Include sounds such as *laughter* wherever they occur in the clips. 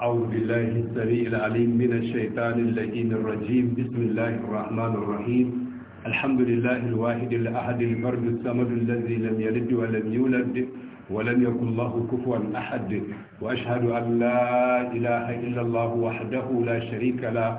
أعوذ بالله السريع العليم من الشيطان اللئيم الرجيم بسم الله الرحمن الرحيم الحمد لله الواحد الأحد الفرد الصمد الذي لم يلد ولم يولد ولم يكن الله كفوا أحد وأشهد أن لا إله إلا الله وحده لا شريك له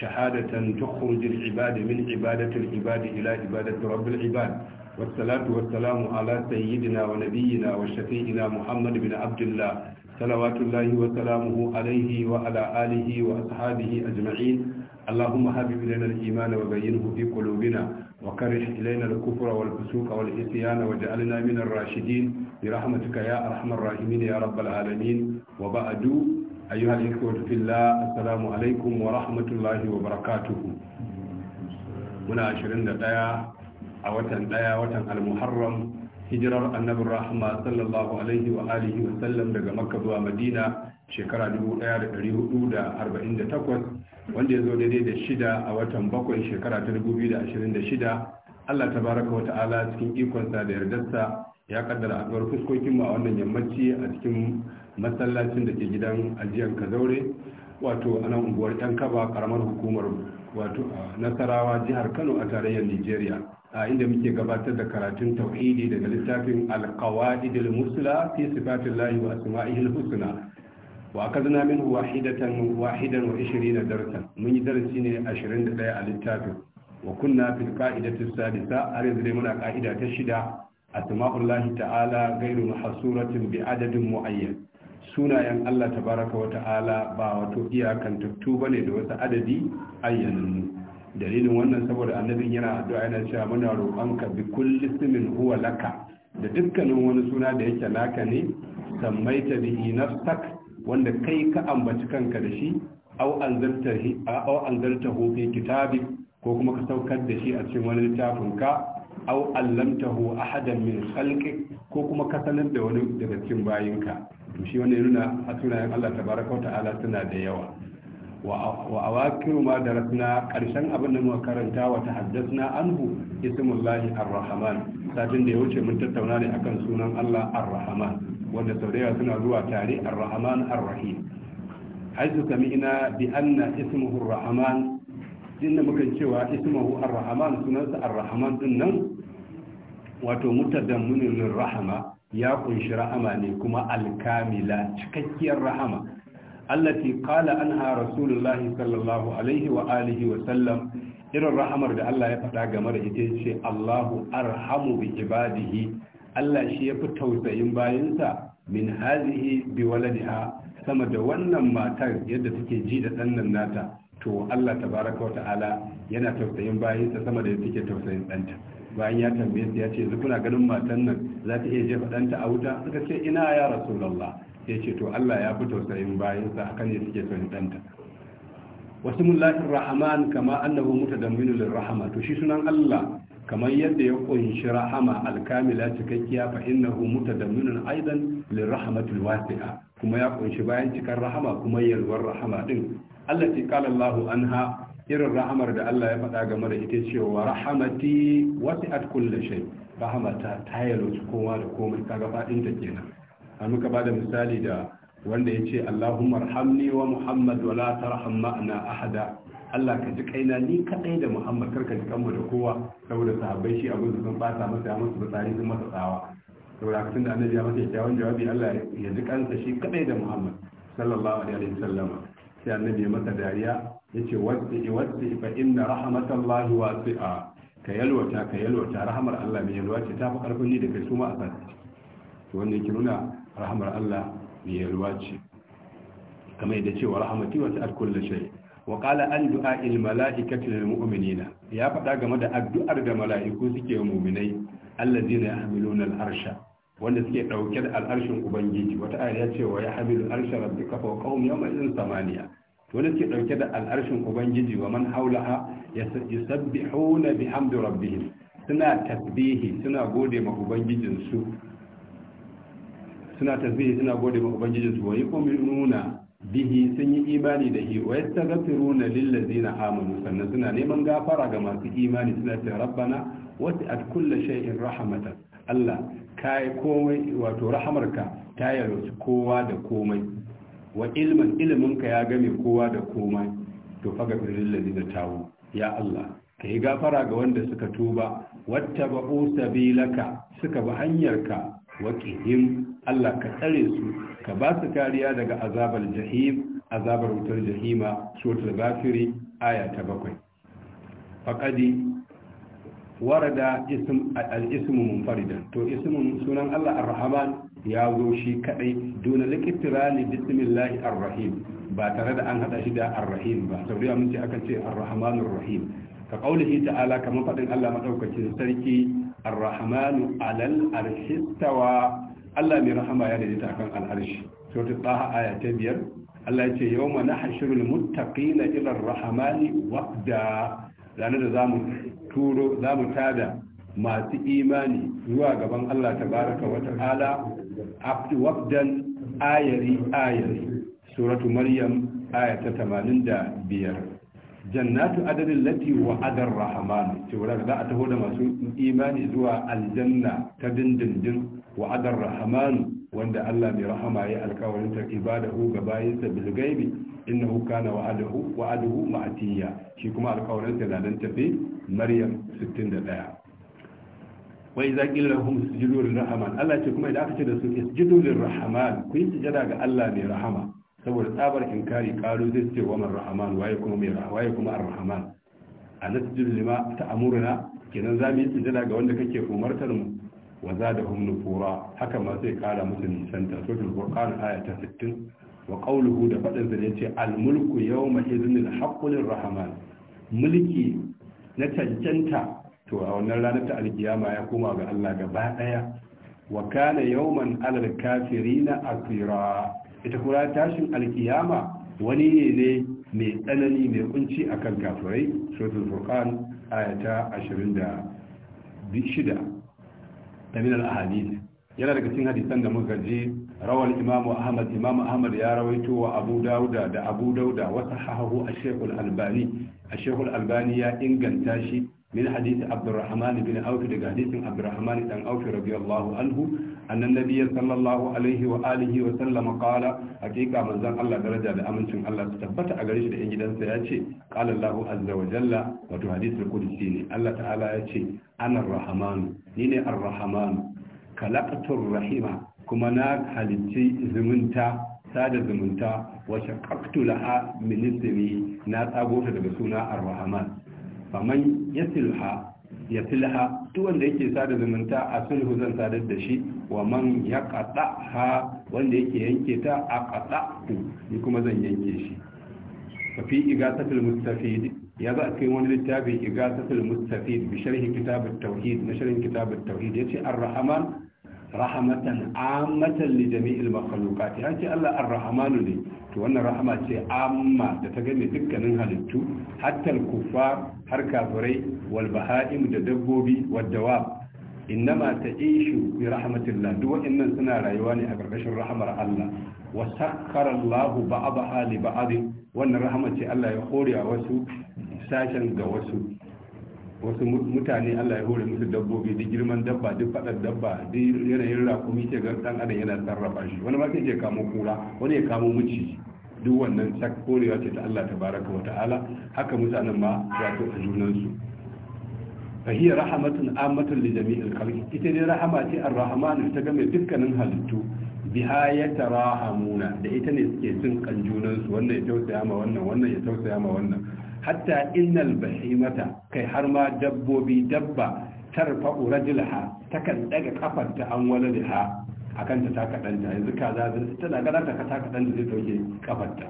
شهادة تخرج العباد من عبادة العباد إلى عبادة رب العباد والصلاة والسلام على سيدنا ونبينا وشفيئنا محمد بن عبد الله صلوات الله وسلامه عليه وعلى آله وأصحابه أجمعين اللهم حبب إلينا الإيمان وبينه في قلوبنا وكره إلينا الكفر والفسوق والعصيان واجعلنا من الراشدين برحمتك يا أرحم الراحمين يا رب العالمين وبعد أيها الإخوة في الله السلام عليكم ورحمة الله وبركاته muna 21 a watan 1 watan al-muharram hijirar annabin rahama sallallahu alaihi wa alihi wa sallam daga makka zuwa madina shekara 1448 wanda ya zo daidai da shida a watan bakwai shekara ta 2026 allah ta baraka wa ta'ala cikin ikonsa da yardarsa ya kaddara haduwar fuskokinmu a wannan yammaci a cikin masallacin da ke gidan ajiyar kazaure wato a nan unguwar yan kaba karamar hukumar wato nasarawa jihar kano a tarayyar nigeria a inda muke gabatar da karatun tauhidi daga littafin alqawaid al-musla fi sifatillahi wa asma'ihi al-husna wa akadna min wahidatan wahidan wa 20 darasan mun yi darasi ne 21 a littafin wa kunna fi qa'idati sadisa har yanzu muna qa'ida ta shida asma'ullahi ta'ala ghayru mahsuratin bi adadin muayyan sunayen Allah tabaraka wa ta'ala ba wato tuttu bane da wasu adadi ayyanannu dalilin wannan saboda annabin yana addu'a yana cewa muna roƙonka bi kulli ismin huwa laka da dukkanin wani suna da yake naka ne sammaita bi nafsak wanda kai ka ambaci kanka da shi hi au anzalta hu fi kitabi ko kuma ka saukar da shi a cikin wani littafin ka aw allamtahu ahadan min khalqi ko kuma ka sanar da wani daga cikin bayinka to shi wannan yana a sunayen Allah tabaraka wa ta'ala suna da yawa wa awakiru ma da rasna karshen abin da muka karanta wa ta tahaddasna anhu ismullahi ar-rahman satin da ya wuce mun tattauna ne akan sunan Allah ar-rahman wanda sau da suna zuwa tare ar-rahman ar-rahim haisu sami'na bi anna ismuhu ar-rahman inda muka cewa ismuhu ar-rahman sunansa ar-rahman din nan wato mutadamminul rahama ya kunshi rahama ne kuma alkamila cikakkiyar rahama allati qala anha rasulullahi sallallahu alaihi wa alihi wa sallam irin rahamar da Allah ya faɗa game da ita ce Allahu arhamu bi ibadihi Allah shi ya fi tausayin bayansa min hazihi bi waladiha sama da wannan matar yadda take ji da ɗannan nata to Allah tabaraka wa ta'ala yana tausayin bayansa sama da yadda take tausayin ɗanta bayan ya tambaye su ya ce yanzu kuna ganin matan nan za ta iya jefa ɗanta a wuta suka ce ina ya rasulullah ya ce to Allah ya fi tausayin bayansa akan ya suke son ɗanta. wasu mullahin rahaman kama annabu muta da minulin rahama to shi sunan Allah kamar yadda ya kunshi rahama alkamila cikakkiya fa innahu muta da minulin aidan lirahamatul wasi'a kuma ya kunshi bayan cikar rahama kuma yalwar rahama din Allah ce kala Allahu anha irin rahamar da Allah ya faɗa game da ita cewa rahamati wasi'at kulle shay rahamata ta yalwaci kowa da komai kaga fadin ta kenan har muka bada misali da wanda ya ce Allahumma rahamni wa Muhammad wa la tarham ma'ana ahada Allah ka ji kaina ni kadai da Muhammad karka ji kanmu da kowa saboda sahabbai shi abin sun bata masa ya musu batsari sun masa tsawa saboda haka tunda annabi ya masa kyawun jawabi Allah ya ji kansa shi kadai da Muhammad sallallahu alaihi wasallama sai annabi ya masa dariya yace wasti wasti fa inna rahmatallahi wasi'a ka yalwata ka yalwata rahamar Allah mai yalwa ce ta fi karfin ni da kai su a sati to wannan ke nuna rahamar Allah mai yalwa ce yadda cewa rahamati wasu da shai wa qala an du'a il mala'ikati lil mu'minina ya faɗa game da addu'ar da mala'iku suke mu'minai allazina yahmiluna al-arsha wanda suke ɗauke da ubangiji wata ya ce wa arsha rabbika fa qawm yawma samaniya wanda suke ɗauke da al'arshin ubangiji wa man haulaha yusabbihuna bihamdi rabbihim suna tasbihi suna gode ma ubangijin su suna tasbihi suna gode ma ubangiji su wayi kuma nuna bihi sun yi imani da shi wa yastaghfiruna lil ladzina amanu sannan suna neman gafara ga masu imani suna ce rabbana at kulli shay'in rahmatan Allah kai komai wato rahamarka ta yarda kowa da komai wa ilimin ka ya game kowa da komai to faga lil da tawo ya Allah ka yi gafara ga wanda suka tuba wata ba'u sabilaka suka bi hanyarka waƙihim Allah ka tsare su ka ba su kariya daga azabar jahim azabar wutar jahima suratul ghafiri aya ta bakwai Faƙadi warada ism al-ismu munfaridan to ismun sunan Allah ar-rahman ya zo shi kadai duna likitirani bismillahi ar-rahim ba tare da an hada shi da ar-rahim ba sau da mun ce akan ce ar-rahmanur rahim ka kaulihi ta'ala kamar fadin Allah madaukakin sarki ar alal arshi Allah mai rahama ya daidaita akan al-arshi sura taha aya ta biyar Allah ya ce na nahshurul muttaqina na ar-rahmani wafda ranar da zamu turo zamu tada masu imani zuwa gaban Allah baraka wa ta'ala abdu wafdan ayari ayari suratu maryam aya ta 85 jannatu adadin lati wa adar rahman za a taho da masu imani zuwa aljanna ta dindindin wa adar rahman wanda Allah mai rahama ya alkawarin ta ibadahu ga bayinsa bil gaibi innahu kana wa'adahu wa'aduhu ma'atiya shi kuma alkawarin ta nan tafi maryam 61 wa iza qila lahum sujudu lirrahman Allah ce kuma idan aka ce da su sujudu lirrahman ku yi sujada ga Allah mai rahama saboda tsabar inkari kalu zai ce wa man rahman waye kuma mai waye kuma ar-rahman anasjudu lima ta'muruna kenan zamu yi sujada ga wanda kake umartar mu wa zadahum nufura haka ma sai kara musu nisanta suratul furqan aya ta 60 wa qawluhu da fadin sa ce, al-mulku yawma idhin al-haqqu rahman mulki na cancanta to a wannan ranar ta alkiyama ya koma ga Allah gaba daya wa kana yawman alal kafirina asira ita kuma tashin alkiyama wani ne ne mai tsanani mai kunci akan kafirai suratul furqan ayata 26 ta min al-ahadith yana daga cikin hadisan da muka je rawal imam ahmad imam ahmad ya rawaito wa abu dauda da abu dauda wa sahahu ash-shaykh al-albani ash-shaykh al-albani ya inganta shi min hadisi abdurrahman bin auf daga hadisin abdurrahman dan auf radiyallahu anhu annan nabiyyi sallallahu alaihi wa wa sallama qala haqiqa manzon Allah daraja da amincin Allah su tabbata a gare shi da yan gidansa yace qala Allahu azza wa jalla wato hadisi kudusi ne Allah ta'ala ya ce, arrahman ni ne arrahman kalaqatur rahima kuma na halicci zumunta sada zumunta wa shaqaqtu laha min na tsago daga suna arrahman faman ya silha ya silha duk wanda yake sada zumunta a sulhu zan sadar da shi wa man ya kaɗa ha wanda yake yanke ta a ku ni kuma zan yanke shi fafi igasatul mustafid ya za a wani littafi igasatul mustafid bi sharhi kitabut tauhid na sharhin kitabut tauhid yace ar-rahman rahmatan ammatan li jami'il makhluqat yace Allah ar-rahmanu ne to wannan rahama ce amma da ta game dukkanin halittu hattal kufa har kafirai wal baha'im da dabbobi wad dawab innama ishu bi rahmatillah duk wa'annan suna rayuwa ne a ƙarƙashin rahamar Allah wa sakkara Allah ba'daha li ba'd wannan rahama ce Allah ya hore wa wasu sashen ga wasu wasu mutane Allah ya hore musu dabbobi duk girman dabba duk fadar dabba duk yanayin rakumi ce ga dan adam yana sarrafa shi wani ma sai ya kamo kura wani ya kamo miciji duk wannan sak korewa ce ta Allah tabaraka wa ta'ala haka mutanen ma wato a junansu fahiyar rahamatun amatun li jami'il khalqi ita dai rahama ce ar-rahman ta game dukkanin halittu biha ya da ita ne suke jin kan junansu wannan ya tausaya ma wannan wannan ya tausaya ma wannan hatta innal bahimata kai har ma dabbobi dabba tarfa'u rajulha takan daga kafarta an waladiha a kanta ta kaɗanta yanzu kaza tana gana ta ta zai ɗauke kafarta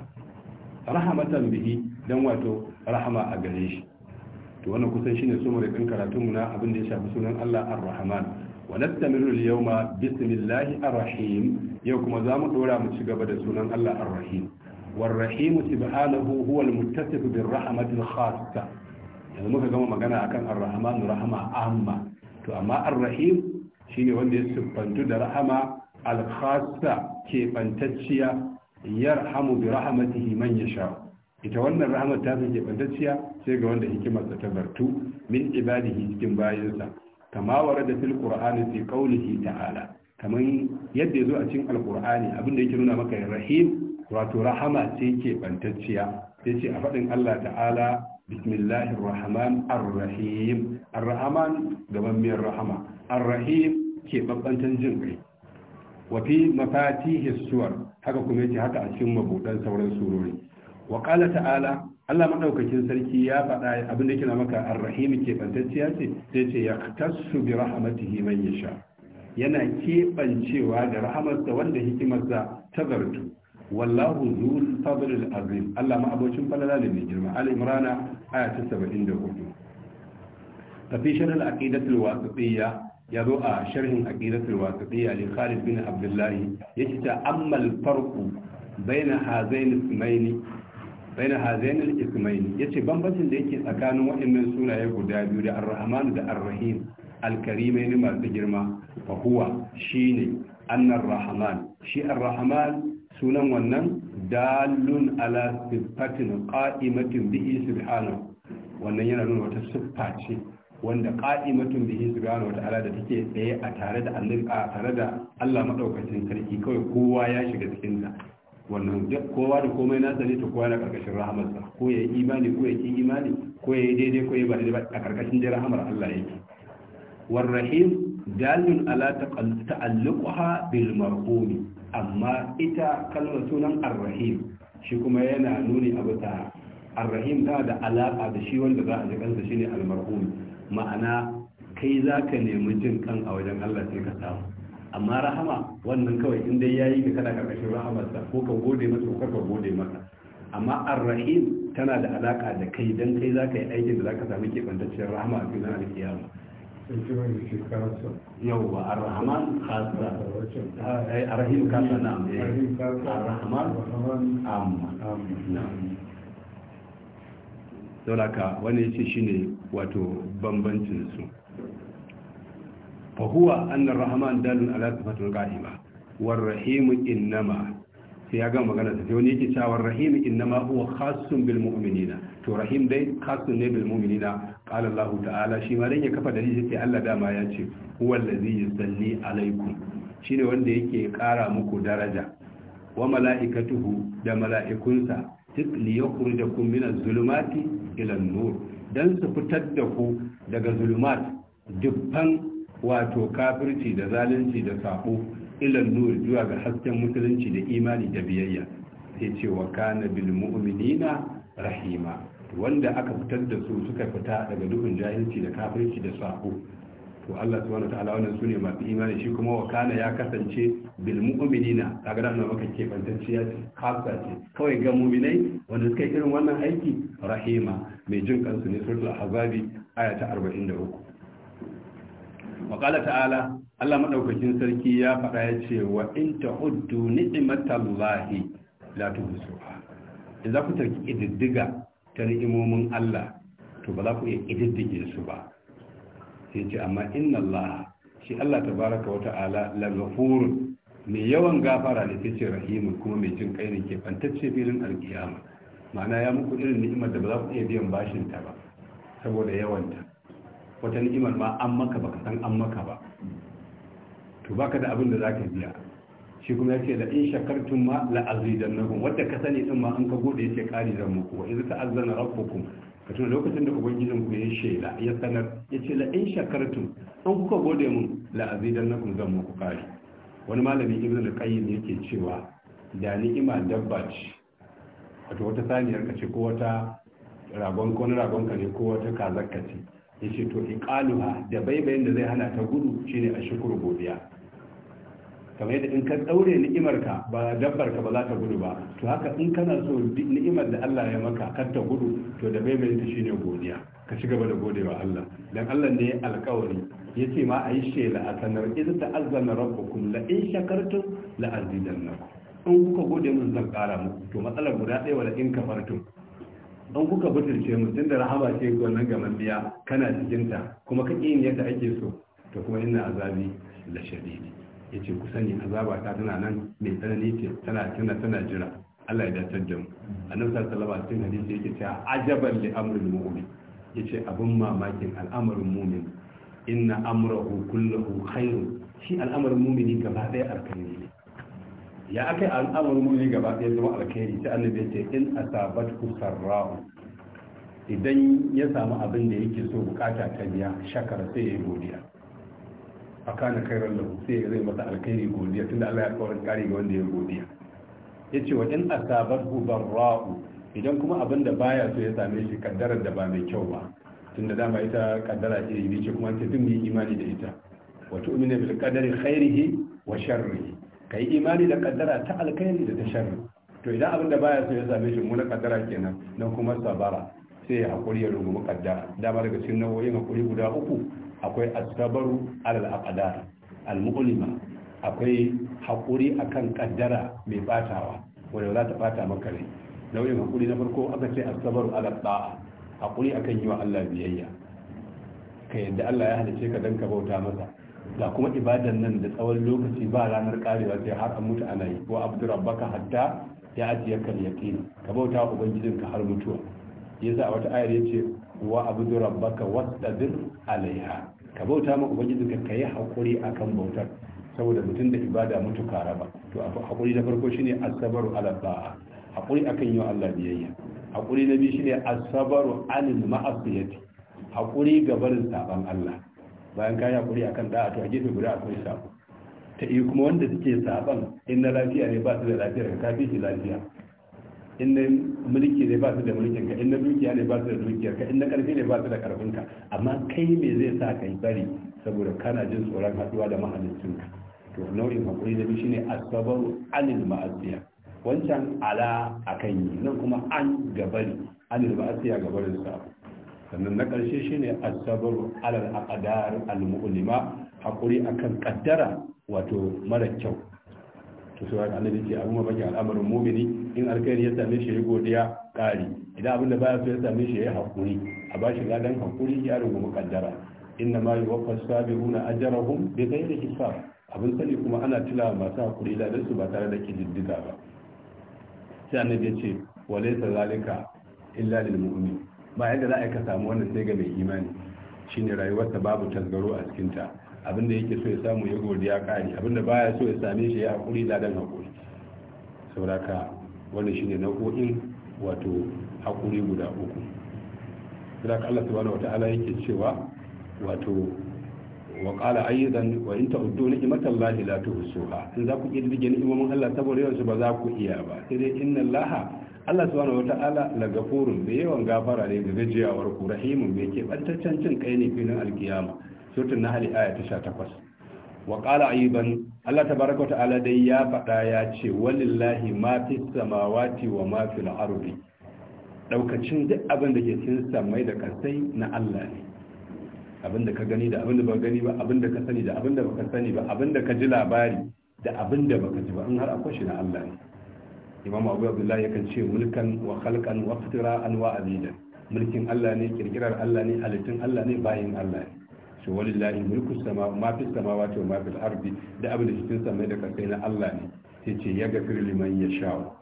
rahamatan bihi don wato rahama a gare shi to wannan kusan shine so mu rikin mu na abin da ya shafi sunan Allah Ar-Rahman wa nastamiru al-yawma bismillahi ar-rahim yau kuma zamu dora mu ci gaba da sunan Allah Ar-Rahim war-rahim subhanahu huwa al-muttasif bir rahmati al-khassa yanzu muka gama magana akan Ar-Rahman rahama amma to amma Ar-Rahim shine wanda ya siffantu da rahama alkhasa ke bantacciya yarhamu bi rahmatihi man yasha ita wannan rahama ta ke bantacciya sai ga wanda hikimarsa ta bartu min ibadihi cikin bayansa. kama warada fil qur'ani fi qawlihi ta'ala Kamar yadda yazo a cikin alkur'ani abinda yake nuna maka rahim wato rahama ce ke bantacciya sai ce a faɗin Allah ta'ala bismillahir rahman ar-rahim ar-rahman gaban miyar rahama arrahim rahim ke babbantan jin kai wa fi mafatihi suwar haka kuma yace haka a cikin mabudan sauran surori wa qala ta'ala Allah madaukakin sarki ya faɗa abin da kina maka ar-rahim ke bantacciya ce sai ce yaqtasu bi rahmatihi man yasha yana keɓancewa da rahamarsa wanda hikimarsa ta zartu wallahu zul fadlil azim Allah ma'abocin falala ne mai girma al-imrana aya ta 74 tafi sharh al-aqidatul wasitiyya ya zo a sharhin aqidatul wasatiyya Khalid bin Abdullah yake ta ammal farqu baina hazain ismaini baina hazain al-ismaini yace bambancin da yake tsakanin waɗannan sunaye guda biyu da Ar-Rahman da Ar-Rahim al-Karimaini masu girma fa huwa shine annar Rahman shi Ar-Rahman sunan wannan dalun ala sifatin qa'imatin bihi subhanahu wannan yana nuna wata siffa ce wanda qa'imatun bihi subhanahu wata'ala da take tsaye a tare da Allah maɗaukacin sarki kawai kowa ya shiga cikin ta wannan kowa da komai nasa ne ta kowa na ƙarƙashin rahamarsa ko ya yi imani ko ya ƙi imani ko ya yi daidai ko ya ba daidai a ƙarƙashin dai rahamar Allah yake warrahim dalil ala ta'alluqha bil marhumi amma ita kalmar sunan arrahim shi kuma yana nuni a bisa arrahim ta da alaka da shi wanda za a ji kansa shine al marhum ma'ana kai za ka nemi jin kan a wajen Allah sai ka samu amma rahama wannan kawai in dai yayi ka kana karkashin rahamarsa ko ka gode masa ko ka gode masa amma ar-rahim tana da alaka da kai dan kai za ka yi aikin da za ka samu kebantacciyar rahama a cikin alkiyama yawwa ar-rahman khassa ar-rahim khassa na'am ar-rahman amma na'am sauraka wani ya ce shi ne wato bambancinsu fahuwa annar rahaman dalin ala sifatul war rahimu innama sai ya ga magana Ta wani yake cewa war rahim innama huwa khassun bil mu'minina to rahim dai khassun ne bil mu'minina qala Allah ta'ala shi ma dan ya kafa dalili sai Allah dama ya ce huwa allazi yusalli alaikum shine wanda yake kara muku daraja wa mala'ikatuhu da mala'ikunsa tuk li yukhrijakum min az-zulumati ilan nur don su fitar da ku daga zulumat dubban wato kafirci da zalunci da sabo ilan nur zuwa ga hasken musulunci da imani da biyayya sai ce wa kana bil mu'minina rahima wanda aka fitar da su suka fita daga duhun jahilci da kafirci da sabo. to Allah subhanahu ta'ala wannan sune masu imani shi kuma Wakana ya kasance bil mu'minina kaga da maka kebantacciya ce khassa ce kawai ga mu'minai wanda suka yi irin wannan aiki rahima mai jin kansu ne suratul ahzabi aya ta 43 wa qala ta'ala Allah madaukakin sarki ya faɗa ya ce wa in ta'uddu ni'matallahi la tuhsuha idan ku tarki diddiga ta ni'imomin Allah to ba za ku iya ididdige su ba sai ce amma inna Allah shi Allah tabaraka wa ta'ala la ghafur mai yawan gafara ne sai ce rahimun kuma mai jin kai ne ke fantacce filin alkiyama ma'ana ya muku irin ni'imar da ba za ku iya biyan bashin ta ba saboda yawanta wata ni'imar ma an maka ba san an maka ba to baka da abin da zaka biya shi kuma yace la in shakartum ma la azidannakum wanda ka sani din ma an ka gode yake kari in muku wa idza ta'azzana rabbukum a tuna lokacin da ubangijin ku ya shaida ya sanar ya ce la in an kuka gode mun la kun zan muku kari wani malami ibn al-qayyim yake cewa da ni'ima dabba ce wato wata saniyar ka ce ko wata ragon ko ragon ka ne ko wata kazar ka ce yace to iqaluha da baibayin da zai hana ta gudu shine ashkuru godiya kamar yadda in ka ɗaure ni'imarka ba dabbar ka ba za ta gudu ba to haka in kana so ni'imar da Allah ya maka kar ta gudu to da bai ta shine godiya ka ci gaba da godewa Allah dan Allah ne alƙawari yace ma ayi shela a sanar idan ta'azzana rabbukum la in shakartum la azidannakum in kuka gode mun zan kara muku to matsalar guda ɗaya wala in kafartum an kuka butulce mu tunda rahama ce wannan gaman biya kana cikinta kuma ka yin yadda ake so to kuma ina azabi la shadidi ya ce ku sani azaba ta tana nan mai tsanani ce tana tana tana jira Allah ya dace da mu annabi sallallahu alaihi wasallam hadisi yake cewa ajaban li amrul mu'min yace abun mamakin al'amarin mu'min inna amrahu kulluhu khairu shi al'amarin mu'mini gaba daya alkhairi ne ya akai al'amarin mu'mini gaba daya zama alkhairi sai annabi yace in asabatu sarra'u idan ya samu abin da yake so bukata ta biya shakar sai ya godiya a kana kairar lahu sai zai masa alkhairi godiya tunda Allah ya kawar kare ga wanda ya godiya ya ce wa in asabahu barra'u idan kuma abin da baya so ya same shi kaddarar da ba mai kyau ba tunda dama ita kaddara ce yi ce kuma ta dun yi imani da ita wa tu'minu bil qadari khairihi wa sharrihi kai imani da kaddara ta alkhairi da ta sharri to idan abin da baya so ya same shi mun kaddara kenan nan kuma sabara sai ya hakuri ya rungumi kaddara dama daga cikin nau'o'in hakuri guda uku akwai asabaru alal aqdar al-mu'lima akwai hakuri akan kaddara mai batawa wanda za ta bata maka rai nau'in hakuri na farko aka ce asabaru alal da'a hakuri akan yi wa Allah biyayya ka yadda Allah ya halice ka dan ka bauta masa ga kuma ibadan nan da tsawon lokaci ba ranar karewa sai har an mutu ana yi ko abdurabbaka hatta ya ajiye kal yaqin ka bauta ubangijinka har mutuwa yasa a wata ayar yace wa abudu rabbaka wastabir alaiha ka bauta ma ubangiji ka kai hakuri akan bautar saboda mutum da ibada mutuka raba to hakuri na farko shine asabaru ala ba'a hakuri akan yau Allah biyayya hakuri na biyu shine asabaru anil ma'asiyati hakuri ga barin saban Allah bayan kai hakuri akan da'a to a gefe guda akwai sabo ta yi kuma wanda suke saban in na lafiya ne ba su da lafiya ka kafi shi lafiya in na mulki ne ba su da mulkin ka in na dukiya ne ba su da dukiyar ka in na karfi ne ba su da karfin ka amma kai me zai sa kai bari saboda kana jin tsoron haduwa da mahallin ka to nau'in hakuri da ne asbabu alil ma'asiya wancan ala akan yi nan kuma an gabari alil ma'asiya gabarin sa sannan na karshe ne asbabu alal aqdar al mu'lima hakuri akan kaddara wato mara kyau to sai annabi ce abun mabaki al'amarin mumini in alkhairi ya same shi ya godiya ƙari idan abin da baya so ya same shi ya hakuri a bashi ladan hakuri ya rungu kaddara inna ma yuwaffa sabiruna ajrahum bi ghairi hisab abin sani kuma ana tila masu hakuri ladan su ba tare da kididdiga ba sai annabi ya ce wa laysa zalika illa lil mu'min ba yadda za a ka samu wannan sai ga mai imani shine rayuwarsa babu tasgaro a cikinta abinda yake so ya samu ya godiya kari abinda baya so ya same shi ya hakuri dan hakuri sauraka wannan shine nau'o'in wato hakuri guda uku sauraka Allah subhanahu wata'ala yake cewa wato wa qala ayyidan wa in ta'uddu ni'matallahi la tuhsuha in za ku kirdige ni'imomin Allah saboda yawan su ba za ku iya ba sai dai inna Allah Allah subhanahu wata'ala la gafurun bi yawan gafara ne ga gajiyawar ku rahimun mai ke bantaccen cin kai ne filin alkiyama suratul nahl aya ta 18 wa qala ayban Allah tabaraka wa ta'ala dai ya faɗa ya ce walillahi ma fi samawati wa ma fil ardi daukacin duk abin da ke cikin samai da kasai na Allah ne abin da ka gani da abin da ba gani ba abin da ka sani da abin da baka sani ba abin da ka ji labari da abin da baka ji ba in har akwai shi na Allah ne imam abu abdullahi yakan ce mulkan wa khalqan wa an wa abidan mulkin Allah ne kirkirar Allah ne halittun Allah ne bayin Allah ne ce walillahi mulku sama ma fi samawati wa ma fil ardi da abin da cikin sama da kasai na Allah ne sai ce ya gafir liman yasha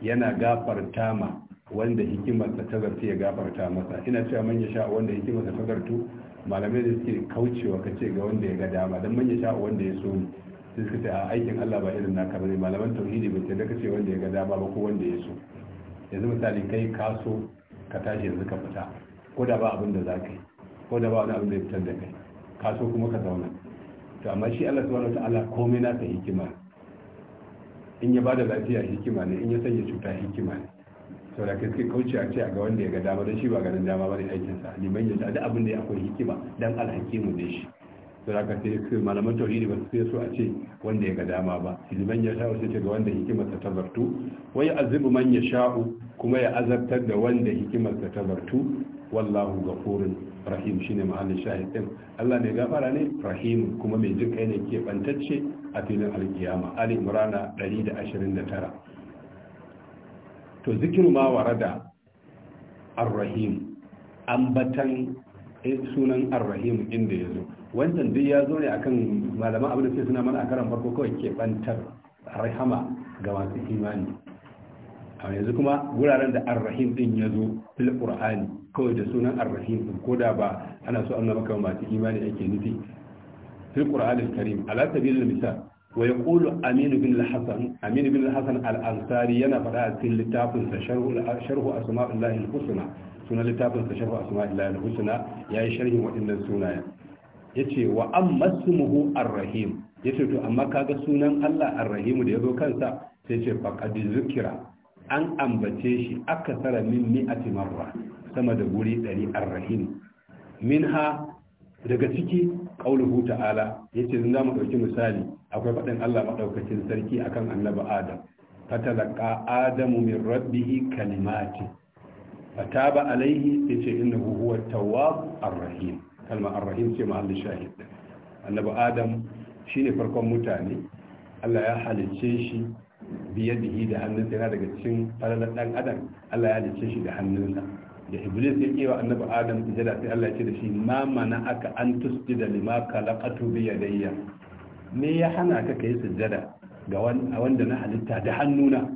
yana gafarta ma wanda hikimarsa ta zarce ya gafarta masa ina cewa man yasha wanda hikimarsa ta zartu malamai da suke kaucewa kace ga wanda ya ga dama dan man yasha wanda ya so sai suka ce a aikin Allah ba irin naka bane malaman tauhidi ba sai da kace wanda ya ga dama ba ko wanda ya so yanzu misali kai kaso ka tashi yanzu ka fita ko da ba abin da za ka yi ko da ba wani abin da ya fitar da kai ka so kuma ka zauna to amma shi Allah subhanahu wataala komai ta hikima in ya bada lafiya hikima ne in ya sanya cuta hikima ne saboda kai suke kauce a ce a ga wanda ya ga dama don shi ba ganin dama bane aikin sa liman ya da abin da ya akwai hikima dan alhakimu ne shi saboda kai sai su malaman tauhidi ba su so a ce wanda ya ga dama ba liman ya sha'u sai ga wanda hikimarsa ta bartu wai azibu man ya sha'u kuma ya azabtar da wanda hikimarsa ta bartu wallahu ghafurun rahim shine mahallin shahid din Allah mai gafara ne rahim kuma mai jin kai ne ke bantacce a filin alkiyama ali imrana 129 to zikiru ma warada ar-rahim ambatan eh, sunan ar-rahim inda yazo wannan duk ya zo ne akan malaman abin da sai suna mana a karan farko kawai ke bantar rahama ga masu imani a yanzu kuma wuraren da ar-rahim din ya zo fil qur'ani kawai da sunan arrahim din ko da ba ana so annaba kan masu imani ake nufi fil qur'an al-karim ala sabilil misal wa yaqulu amin bin al-hasan amin bin al-hasan al-ansari yana fada a cikin littafin sa sharhu asma'illahi al-husna sunan littafin sa sharhu asma'illahi al-husna yayi sharhin waɗannan sunayen yace wa amma ismuhu ar-rahim yace to amma kaga sunan Allah ar-rahim da yazo kansa sai ce faqad zikira an ambace shi akasara min mi'ati marra sama da guri ɗari arrahim minha daga ciki qauluhu ta'ala yace zan zamu ɗauki misali akwai faɗin Allah maɗaukacin sarki akan annabi Adam fatalaqa adamu min rabbih kalimati fataba alaihi yace innahu huwa tawwab arrahim kalma arrahim ce mahalli shahid annabi Adam shine farkon mutane Allah ya halicce shi biyadihi da hannunsa yana daga cikin falalar dan adam Allah ya halicce shi da hannunsa da iblis ya kewa annabi adam sujada sai Allah ya ce da shi ma mana aka an tusjida lima khalaqatu bi yadayya me ya hana ka kai sujada ga wanda na halitta da hannuna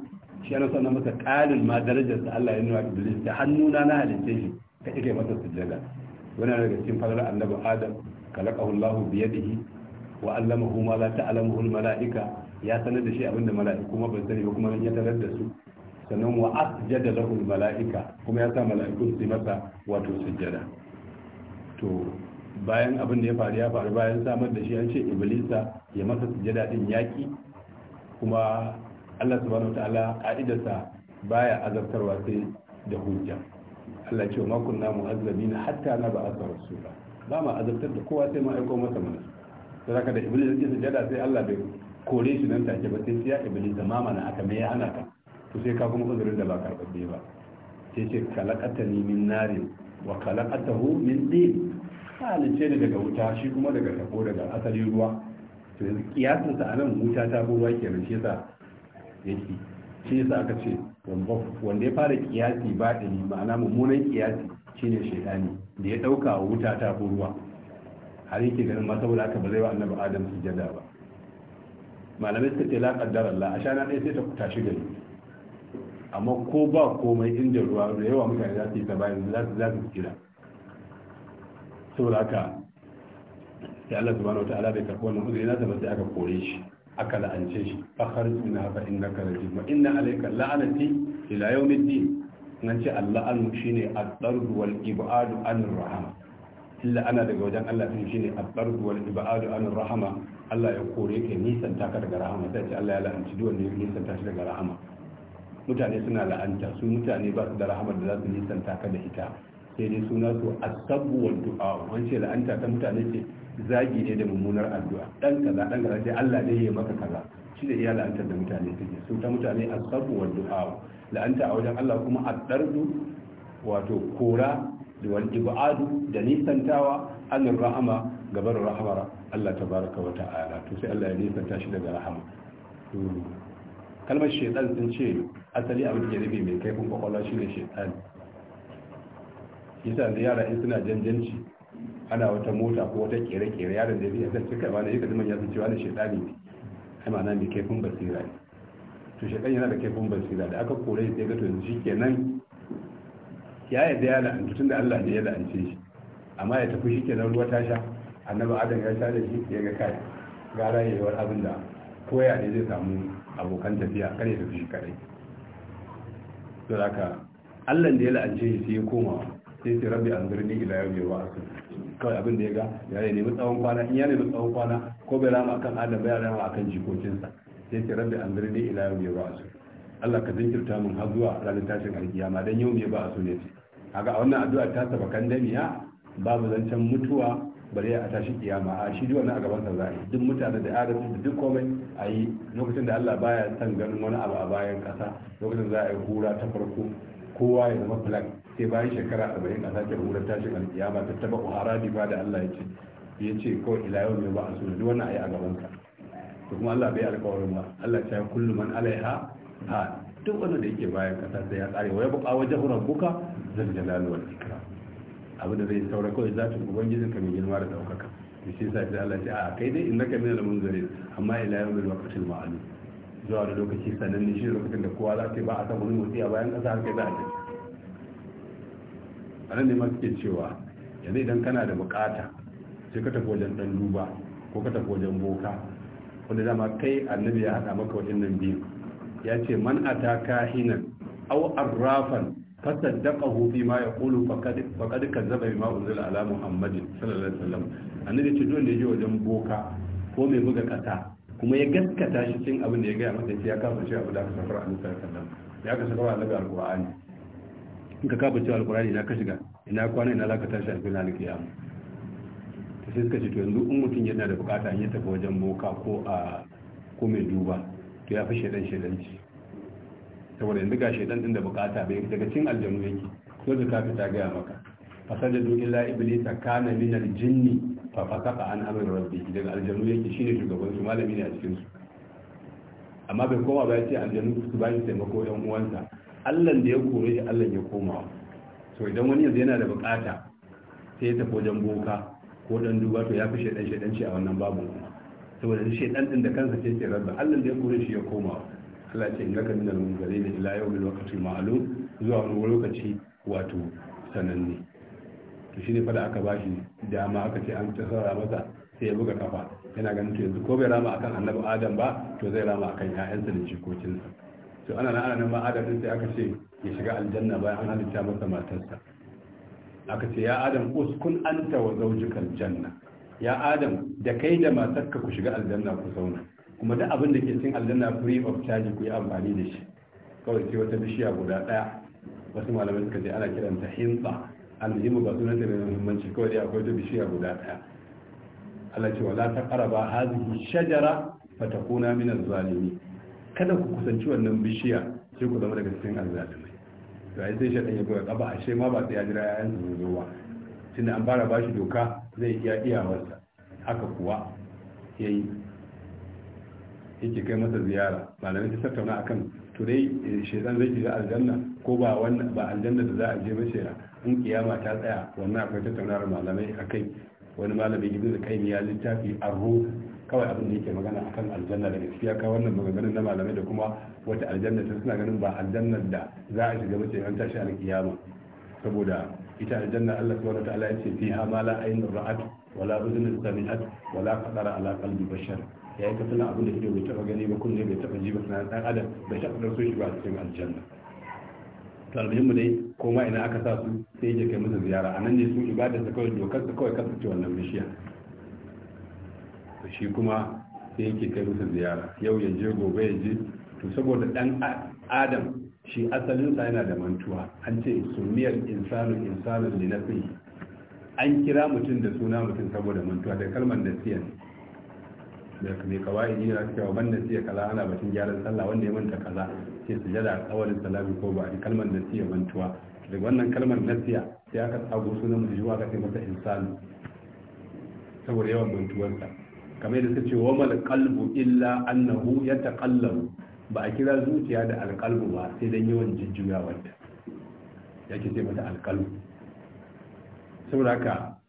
shi ana sanar masa ƙarin ma darajar da Allah ya nuna iblis da hannuna na halitta shi ka kai masa sujada wannan daga cikin fadlar annabi adam khalaqahu Allah bi yadihi wa allamahu ma la ta'lamuhu al mala'ika ya sanar da shi abinda mala'iku kuma ban sani ba kuma ya tarar da su sannan wa asjada lahu mala'ika kuma ya sa mala'iku su masa wato sujjada to bayan abin da ya faru ya faru bayan samar da shi an ce iblisa ya masa sujjada din yaki kuma Allah subhanahu wataala ka'idarsa baya azabtarwa sai da hujja Allah ce ma kunna mu'azzabina hatta na ba'atha rasula ba ma azabtar da kowa sai ma aiko masa mana saboda da iblis ya sujjada sai Allah bai kore shi nan take ba sai ya iblis ma mana aka me ya hana ka to sai ka kuma uzurin da ba karɓaɓɓe ba sai ce kalakata ni min nari wa kalakata hu min ɗin halice ne daga wuta shi kuma daga tabo daga asali ruwa to yanzu kiyasin sa anan wuta ta ruwa kenan shi yasa yake shi yasa aka ce wanda ya fara kiyasi ba ɗani ma'ana mummunan kiyasi shine shaitani da ya ɗauka wuta ta ruwa har yake ganin ma saboda haka ba zai wa annabi adam sujada ba malamai suka ce la qaddar Allah a shana ɗaya sai ta tashi gari amma ko ba komai inda ruwa da yawa mutane za su yi gaba yanzu za su za su kira saboda haka sai Allah subhanahu wataala bai karɓi wannan uzuri nasa ba sai aka kore shi aka la'ance shi fa kharij min haka innaka rajim wa inna alayka la'anati ila yawmiddin nan ce Allah an shine ad-dard wal ibad an rahama illa ana daga wajen Allah din shine ad-dard wal ibad an rahama Allah ya kore ka nisan taka daga rahama sai ce Allah ya la'anci duk wanda ya nisan taka daga rahama mutane suna la'anta su mutane ba su da rahama da za su nisanta ka da ita sai dai suna su a sabuwar du'a wance la'anta ta mutane ce zagi ne da mummunar addu'a dan kaza dan kaza sai Allah ne ya maka kaza shi da iya la'antar da mutane take su ta mutane a sabuwar du'a la'anta a wajen Allah kuma a dardu, wato kora da wal ibadu da nisantawa an rahama gabar rahama. Allah tabaraka wa ta'ala to sai Allah ya nisanta shi daga rahama hmm. kalmar shaitan sun ce asali abin da nufi mai kaifin kwakwalwa shi ne shaitani yasa da yara in suna janjanci ana wata mota ko wata kere-kere yaron da ya zai cika ba da yaka zama ya san cewa da shaitani ne ai ma'ana mai kaifin basira ne to shaitan yana da kaifin basira da aka kore sai ga to yanzu nan. ya yarda ya la'antu da Allah ne ya ance shi amma ya tafi shi shikenan ruwa ta sha annabi adam ya sha da shi ya ga kai gara yayyawar abin da koya ne zai samu abokan tafiya kare ya tafi shi kadai sai Allah da ya la'ance shi sai ya koma sai sai rabbi anzurni ila yawmi su kawai abin da ya ga ya yi nemi tsawon kwana in ya nemi tsawon kwana ko bai rama akan adam bai rama akan jikokinsa sai sai rabbi anzurni ila yawmi su Allah ka jinkirta mun har zuwa ranar tashin ma dan yau ne ba a so ne a ga wannan addu'a ta saba kan damiya babu zancen mutuwa bare a tashi kiyama a shi wannan a gaban sa za a yi duk mutane da ya da duk komai a yi lokacin da Allah baya san ganin wani abu a bayan kasa lokacin za a yi hura ta farko kowa ya zama flag sai bayan shekara arba'in a sake hurar tashin alkiyama ta taba bi ba da Allah ya ce ya ce ko ila yau ne ba a suna duk wannan a yi a gaban sa to kuma Allah bai alƙawarin ba Allah ya kullum an alaiha ha duk wanda da yake bayan kasa sai ya tsare wa ya buƙa wajen rabbuka zan jalali wal ikram abin da zai saura kawai zatin ubangijin ka mai girma da daukaka da shi sa Allah ce a kai dai innaka minal munzirin amma ila mai lokaci ma'alu zuwa da lokaci ne shi lokacin da kowa za ta ba a san wani motsi a bayan kasa har kai za a ce a nan ne ma suke cewa yanzu idan kana da bukata sai ka tafi wajen dan duba ko ka tafi wajen boka wanda dama kai annabi ya haɗa maka wajen nan biyu ya ce man ataka hinan aw arrafan fasaddaqahu bima yaqulu faqad faqad kazzaba bima unzila ala muhammadin sallallahu alaihi wasallam annabi ce dole ne wajen boka ko mai buga kasa kuma ya gaskata shi cin abin da ya gaya masa ya kafa shi abu da aka safar annabi sallallahu alaihi wasallam ya ka safar annabi alqur'ani in ka kafa cewa alqur'ani na ka shiga ina kwana ina laka tashi alfin alqiyam to sai suka ce to yanzu in mutum yana da bukata ya tafi wajen boka ko a ko mai duba to ya fi shedan shedanci saboda yanzu ga shaidan din da bukata bai daga cin aljanu yake da kafi ta gaya maka fasajadu illa iblisa kana min jini fa fasaqa an amri rabbi daga aljanu yake shine shugaban su malami ne a cikin su amma bai koma ba ya ce aljanu su ba shi taimako yan uwansa Allah da ya kore shi Allah ya koma to idan wani yanzu yana da bukata sai ya tafi wajen boka ko dan duba to ya fi shaidan shaidan ce a wannan babu saboda shaidan din da kansa ce ce rabbi Allah da ya kore shi ya koma Allah ce in laka minal gari da ila yau bil waqti zuwa wani lokaci wato sananne to shine fa da aka bashi dama aka ce an tsara masa sai ya buga kafa yana ganin to yanzu ko bai rama akan annabi adam ba to zai rama akan ƴaƴansa da jikokinsa to ana nan ana ma adam din sai aka ce ya shiga aljanna bayan an halitta masa matarsa aka ce ya adam uskun anta wa zawjikal janna ya adam da kai da matarka ku shiga aljanna ku zauna kuma duk abin da ke cin aljanna free of charge ku yi amfani da shi kawai sai wata bishiya guda daya wasu malamai suka ce ana kiranta hintsa almuhimmu ba sunanta mai muhimmanci kawai akwai wata bishiya guda daya Allah ce wala ta qaraba hadhihi shajara fatakuna min az kada ku kusanci wannan bishiya sai ku zama daga cikin azzalimai to ai sai shaɗan ya goya a ashe ma ba sai ya jira ya yanzu zo ba tunda an fara bashi doka zai iya iyawarsa haka kuwa yayi yake kai masa ziyara malamai ta tattauna akan turai dai eh, shedan zai shiga aljanna ko ba wannan ba aljanna da za a je mace in kiyama ta tsaya wannan akwai tattaunawar malamai akai wani malami ibnu kai ya littafi arho kawai abin da yake magana akan aljanna da gaskiya ka wannan maganganun na malamai da kuma wata aljanna ta suna ganin ba aljanna da za a shiga mace an tashi alkiyama saboda ita aljanna Allah subhanahu wataala ya ce fiha ma la wala ra'at wala udhun sami'at wala qadara ala qalbi bashar ya yi kasalan abin da ido bai taba gani ba kunne bai taba ji ba sanar dan adam bai taba ɗarso shi ba a cikin aljanna talibin mu dai ko ma ina aka sa su sai ya kai musu ziyara anan ne su ibada su kawai dokar su kawai kasance wannan bishiya shi kuma sai yake kai musu ziyara yau ya je gobe ya je to saboda dan adam shi asalinsa yana da mantuwa an ce sumiyar insanu insanin linafi an kira mutum da suna mutum saboda mantuwa da kalmar da siyan da mai kawai ne na cewa ban siya kaza ana batun gyaran sallah wanda ya manta kaza sai su jada tsawon salami ko ba kalmar da siya mantuwa daga wannan kalmar na siya sai aka tsago sunan mu zuwa ga sai masa insani saboda yawan mantuwarsa kamar yadda suka ce wa mal qalbu illa annahu yataqallabu ba a kira zuciya da alqalbu ba sai dan yawan ta yake ce mata alqalbu saboda haka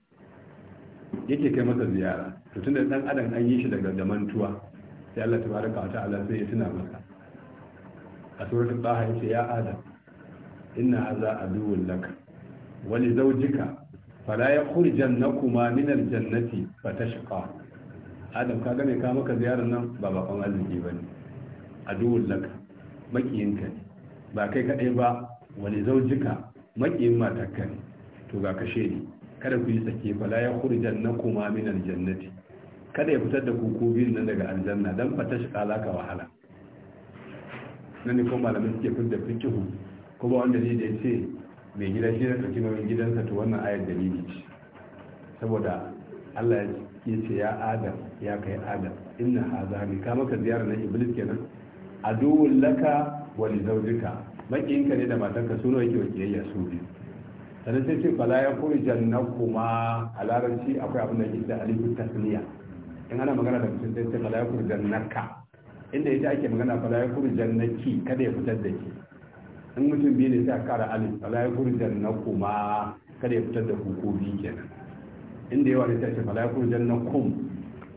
yake kai masa ziyara to tunda dan adam an yi shi daga damantuwa sai Allah tabaraka wa ta'ala sai ya tuna masa a suratul taha yace ya adam inna hadha aduwwun lak wa li zawjika fala yakhrujannakuma min al-jannati fatashqa adam ka ga me ka maka ziyarar nan ba bakon arziki bane aduwwun lak makiyinka ne ba kai kadai ba wa li zawjika makiyin matakan to ga kashe ni kada ku yi sake fa ya yakhrujan na min aljannati kada ya fitar da ku ku biyun nan daga aljanna dan fata shi shiga ka wahala nan ne kuma malamin suke fitar da fikihu kuma wanda zai da ce mai gida shi da saki nauyin gidansa to wannan ayar dalili ce saboda Allah ya ce ya adam ya kai adam inna haza ne ka maka ziyara na iblis kenan aduwwul laka wa li zawjika makinka ne da matanka su nawa yake wakiyayya su biyu sannan sai ce bala ya kuri kuma a larabci akwai abin da ke da alifu tasniya in ana magana da mutum sai ce bala ya kuri jannaka inda ita ake magana bala ya kuri jannaki kada ya fitar da ke in mutum biyu ne sai a kara alif bala ya kuri kuma kada ya fitar da hukumi biyu kenan inda yawa ne sai ce bala ya kuri jannakum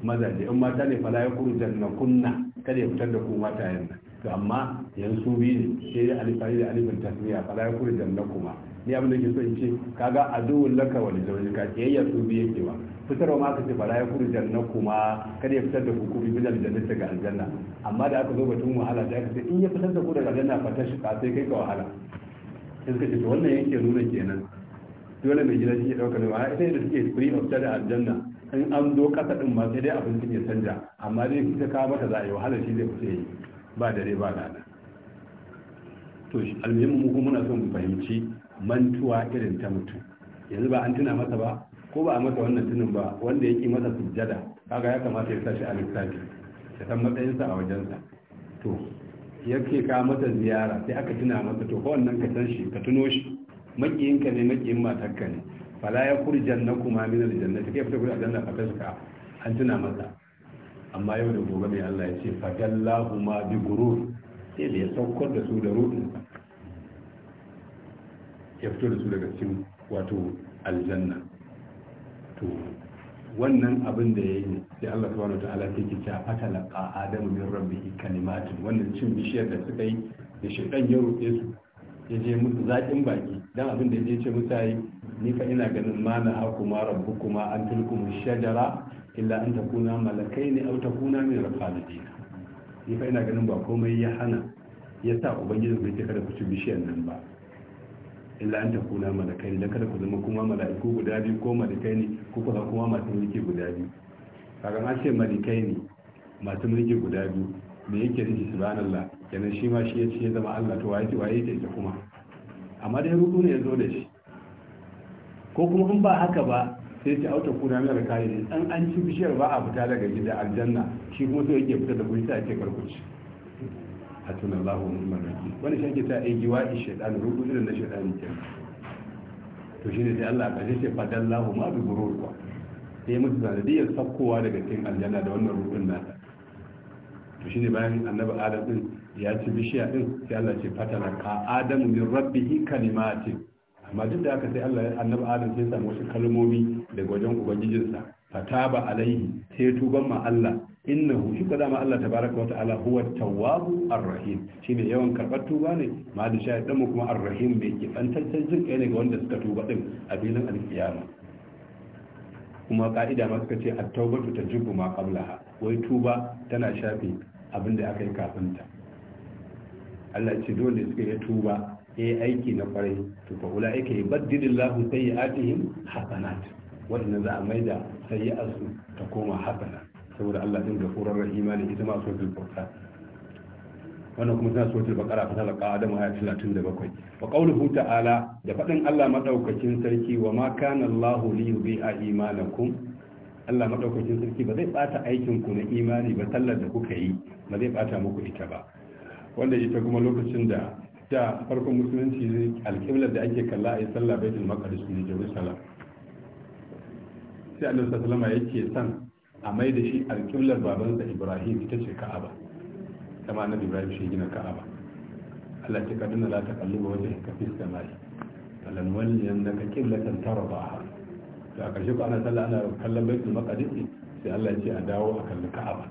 mazaje in mata ne bala ya kuri jannakunna kada ya fitar da ku mata yanzu to amma yanzu biyu ne sai da alifari da alifin tasniya bala ya kuri jannakuma ni abin da ke so ce kaga aduwul laka wal zawjika kiyayya su biye kewa fitarwa ma aka ce bala ya kuri janna kuma kada ya fitar da ku bin aljanna daga aljanna amma da aka zo batun wahala da aka ce in ya fitar da ku daga aljanna fa ta shiga sai kai ka wahala sai suka ce to wannan yake nuna kenan dole mai gida shi ya dauka ne wahala sai da suke free of charge aljanna in an zo kasa din ma sai dai abincin ya canja amma dai ita ka mata za a yi wahala shi zai fice ba dare ba gana to almuhimmin mu muna son mu fahimci mantuwa irin ta mutu yanzu ba an tuna masa ba ko ba a masa wannan tunin ba wanda yake masa sujjada kaga ya kamata ya sashi a lissafi ya san matsayinsa a wajensa to yake ka masa ziyara sai aka tuna masa to wannan ka san shi ka tuno shi makiyinka ne makiyin matarka ne fala ya kurjan na kuma min aljannati take fita kurjan da fataska an tuna masa amma yau da gobe mai Allah ya ce fadallahu ma bi gurur sai da ya saukar da su da ruɗinsa ya fito da su daga cikin wato aljanna to wannan abin da ya yi sai Allah subhanahu ta'ala ta yake a fatalaqa adamu min rabbihi kalimatin wannan cin bishiyar da suka yi da shaytan ya roƙe su ya je musu zaƙin baki dan abin da ya ce musa yi ni fa ina ganin ma na hakuma rabbukuma an tilkum shajara illa an takuna malakaini aw takuna min al-khalidin ni fa ina ganin ba komai ya hana ya sa ubangiji bai ce kada ku ci bishiyar nan ba illa an takuna malakai da kada ku zama kuma mala'iku guda biyu ko malakai ne ko kuma kuma masu mulki guda biyu kaga an ce malakai ne masu mulki guda biyu me yake nufi subhanallah kenan shi ma shi yace zama Allah to waye waye yake ita kuma amma dai ruku ne yazo da shi ko kuma in ba haka ba sai ta auta kuna mai kai ne an an ci bishiyar ba a fita daga gida aljanna shi kuma sai yake fita da gurin sai a ce karkuci hatun Allah wa ni'mar wakil wani shi ake ta aigiwa in shaitan rubu irin na shaitan ke to shine sai Allah ka ce fadallahu ma bi gurur kwa sai musu sanadiyar sakkowa daga cikin aljanna da wannan rubun nata to shine bayan annabi Adam din ya ci bishiya din sai Allah ce fatala ka Adam min rabbihi kalimatin amma duk da haka sai Allah annabi Adam sai ya samu wasu kalmomi daga wajen ubangijinsa fataba alaihi sai tuban ma Allah innahu shi ka dama Allah tabaraka wa ta'ala huwa tawwabu ar-rahim shine yawan karbar tuba ne ma da shayi dan kuma ar-rahim mai kibantaccen jin kai ne ga wanda suka tuba din a filin alkiyama kuma ka'ida ma suka ce at-taubatu tajibu ma qablaha wai tuba tana shafi abin da aka yi kafin ta Allah ce dole suka yi tuba yayi aiki na kwarai to fa ulaika ya sayyi'atihim hasanat wanda za a maida asu ta koma hasanat saboda Allah din gafurar rahima ne ita ma suratul furqan wannan kuma tana suratul baqara fa talaqa adam aya 37 wa qawluhu ta'ala da fadin Allah madaukakin sarki wa ma kana Allah li yudhi'a imanakum Allah madaukakin sarki ba zai bata aikin ku na imani ba tallar da kuka yi ba zai bata muku ita ba wanda ita kuma lokacin da da farkon musulunci alƙiblar da ake kalla a yi sallah baitul maqdis ne Jerusalem sai annabi sallallahu alaihi wasallam yake san a mai da shi alƙiblar babansa ibrahim ita ce ka'aba kama na ibrahim shi gina ka'aba Allah ce ka duna la ta ba wajen ka fiska mai falan ka naka qiblatan tarbaha to a ƙarshe ko ana sallah ana kallon baitul maqdis sai Allah ya ce a dawo a kalli ka'aba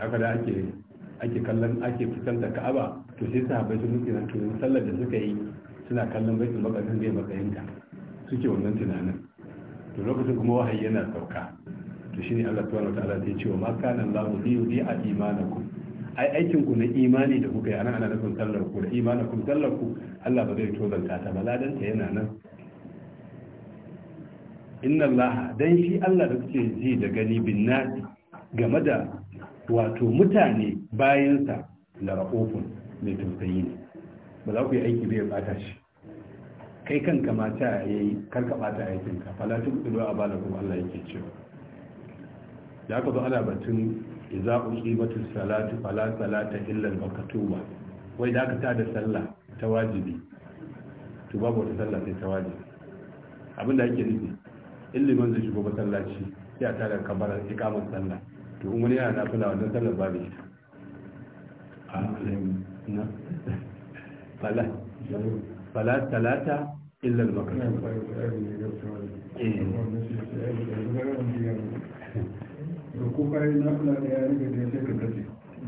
haka da ake ake kallon ake fitar da ka'aba to sai sahabbai sun nuke na to sallar da suka yi suna kallon baitul maqdis ne matsayin ka suke wannan tunanin to lokacin kuma wahayi yana sauka to shine Allah subhanahu wataala ya ce wa ma kana Allahu yudi a imanakum ai aikin ku na imani da kuka yi anan ana nufin sallar ku da imanakum sallar ku Allah ba zai tozanta ta ba ladan ta yana nan inna Allah dan shi Allah da kuke ji da gani bin nasi game da wato mutane bayansa la ra'ufun mai tausayi ne ba za ku yi aiki bai bata shi kai kan ka mata yi karka bata aikin ka fala bala kuma Allah yake cewa ya ka zo ana batun idza uqimatu salatu fala salata illa al-maktuba wai da ka ta da sallah ta wajibi to babu wata sallah sai ta wajibi abinda yake nufi man zai shigo masallaci sai a tare kabar ikamar sallah to in wani yana nafila wannan sallar babu ita a ah, na *laughs* fala fala talata illa al-maqdis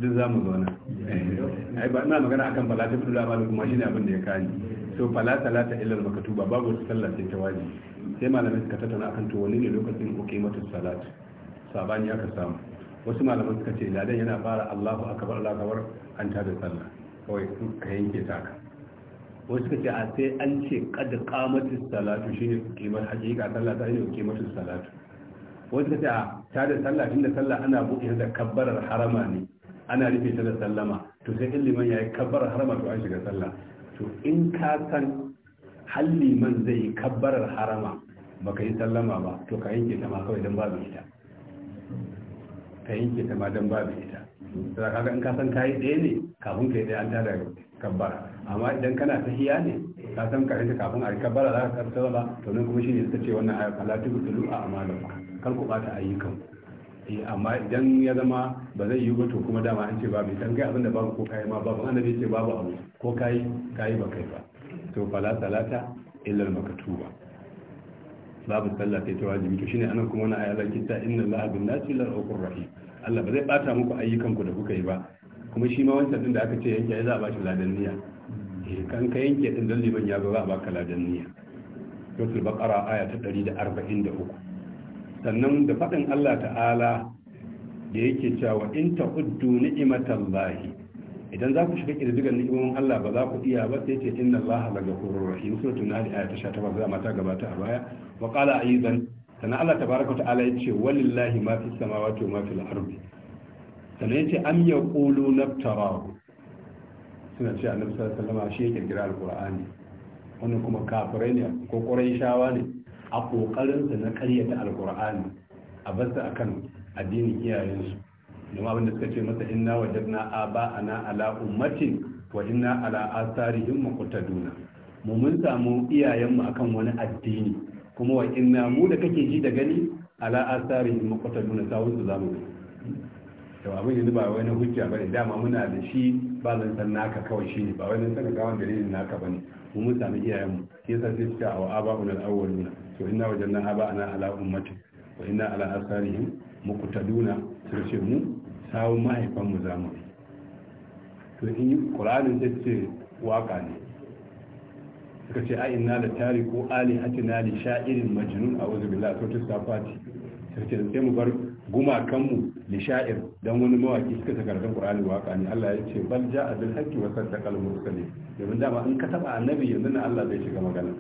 duk za mu zauna ai ba ina magana akan falata fi dula malu kuma shine abin da ya kani so falata lata illa makatuba babu wata sallah sai ta waje sai malamai suka tattauna akan to wani ne lokacin uqimatu salat sabani aka samu wasu malamai suka ce ladan yana fara Allahu akbar Allahu akbar an tada sallah kawai ka yanke ta wasu suka ce a sai an ce kada kamatin salatu shi ne kimar hakika sallah ta ne kimatin salatu wasu suka ce a ta da sallah da sallah ana buɗe da kabbarar harama ne ana rufe ta da sallama to sai in liman ya yi kabbarar harama to an shiga sallah to in ka san hal liman zai yi kabbarar harama baka yi sallama ba to ka yanke ta ma kawai don babu ita ka yanke ta ma don babu ita sai in ka san kayi ɗaya ne kafin yi ɗaya an tada kabbara amma idan kana hiya ne ka san ka ita kafin a kabbara za ka karta ba to nan kuma shine ta ce wannan ayat ta tulu a amalakum kar ku bata ayyukan eh, amma idan ya zama ba zai yi ba to kuma dama an ce ba bai san kai abinda babu ko kai ma babu annabi ce babu abu ko kai kai ba kai ba to fala salata illa makatuba babu sallah sai ta wajibi to shine anan kuma wannan ayat lakin ta inna allaha bin nasi la rahim Allah ba zai bata muku ayyukan ku da kuka yi ba kuma shi ma wancan din da aka ce yanke ya za a ba shi ladan niyya eh, kan ka yanke din don liman ya zo za a ba baka ladan niyya suratul baqara aya ta 143 sannan da faɗin Allah ta'ala da yake cewa in ni'imatan lahi idan za ku shiga kirdigan ni'imomin Allah ba za ku iya ba sai ce inna Allah la ghafurur rahim suratul nahl aya ta 18 za mata gabata a baya wa qala aizan sannan Allah tabaraka ta'ala yace walillahi ma fis samawati wa ma fil ardi sannan yi ƙulu na naftarahu suna ce a sallallahu salama shi ya kirkira alqur'ani wannan kuma kafirai ne ko shawa ne a ƙoƙarinsa na na karyata alqur'ani a basta akan addinin iyayensu domin abin da suka ce masa inna a na ala ummatin wa inna ala asarihim muqtaduna mu mun samu iyayenmu akan wani addini kuma wa inna mu da kake ji da gani ala asarihim muqtaduna sawun su zamu to abin yanzu ba wani hujja bane dama muna da shi ba zan san naka kawai shi ne ba wani san gawan dalilin naka bane mu mun sami iyayenmu sai san sai suka wa aba al-awwaluna to inna wajanna ana ala ummati wa inna ala asarihim muqtaduna sai ce mu sawun mahaifan mu zamu to in qur'anin sai ce waka ne suka ce a inna la tariku hatina li sha'irin majnun a'udhu billahi to tsafati sai ce sai mu bar gumakanmu da sha'ir dan wani mawaki suka saka da Qur'ani waka ne Allah ya ce bal ja'a bil haqqi wa saddaqal mursalin domin dama in ka taba annabi yanzu na Allah zai shiga magana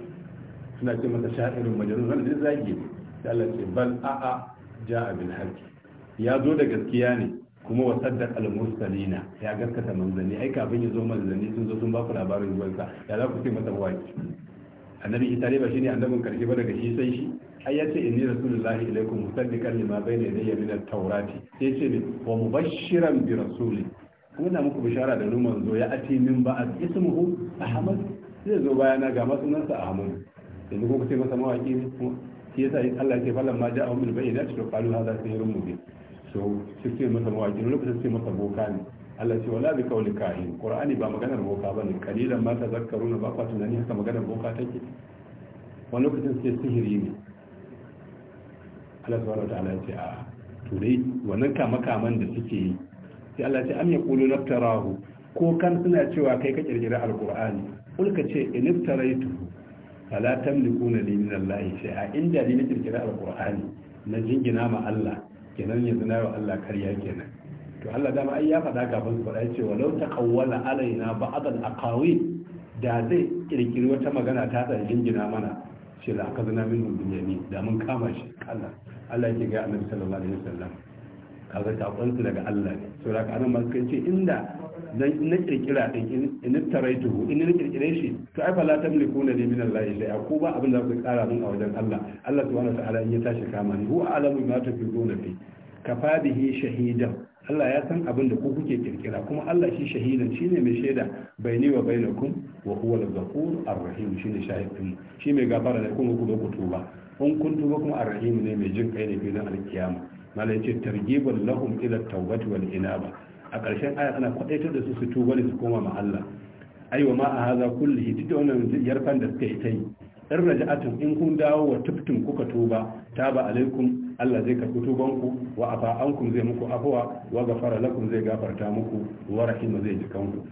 suna ce masa sha'irin majalun wanda zai zage da Allah ce bal a'a ja'a bil haqqi ya zo da gaskiya ne kuma wa saddaqal mursalina ya gaskata manzanni ai kafin ya zo manzanni sun zo sun ba ku labarin zuwansa ya za ku ce masa waki annabi isa ne ba shine annabin karshe ba daga shi sai shi ai yace inni rasulullahi ilaikum musaddiqan lima bayna yadayya min at-taurati sai ce ne wa mubashshiran bi rasuli kuma na muku bishara da numan zo ya ati min ba a ismuhu ahmad zai zo bayana ga masunansa ahmad yanzu ko kace masa mawaki ne shi yasa Allah ya ce fallan ma ja'a min bayyinati fa qalu hadha sihrun mubin so ce masa mawaki lokacin sai masa boka ne Allah ce wala bi kauli kahin qur'ani ba maganar boka bane kalilan ma na ba kwa tunani haka maganar boka take wani lokacin sai sihiri ne Allah subhanahu wataala ya ce a to dai wannan kama kaman da suke yi sai Allah ce am yaqulu naftarahu ko kan suna cewa kai ka kirkira alqur'ani kul ka ce iniftaraitu fala tamlikuna li min Allah shay'a inda ni na kirkira alqur'ani na jingina ma Allah kenan yanzu na Allah karya kenan to Allah dama ai ya faɗa gaban faɗa ya ce walau ta kawwala alaina ba'adal aqawi da zai kirkiri wata magana ta tsare jingina mana ce la akazna minhum biyamin da mun kama shi Allah Allah yake ga Annabi sallallahu alaihi wasallam kaga sakon su daga Allah ne so haka anan masu kai ce inda dan na kirkira din in taraituhu in na kirkire shi to ai fa la tamliku na li min Allah illa ku ba abin da ku tsara mun a wajen Allah Allah subhanahu wa ta'ala in ya tashi kama ni huwa alamu ma tafiduna fi kafa bihi shahidan Allah ya san abin da ku kuke kirkira kuma Allah shi shahidan ne mai shaida baini wa bainakum wa huwa al-ghafur ar-rahim ne shahidin shi mai gafara ne kuma ku tuba in kun tuba kuma ar-rahim ne mai jin kai ne filin al-kiyama malai yace targhibul lahum ila tawbati wal inaba a ƙarshen aya ana kwadaitar da su su tuba ne su koma ma Allah aiwa ma a haza kullihi tunda wannan yarfan da suka yi tai yi in in kun dawo wa tuftun kuka tuba taba alaikum Allah zai karɓi tubanku wa afa ankum zai muku afwa wa gafara lakum zai gafarta muku wa rahima zai ji kanku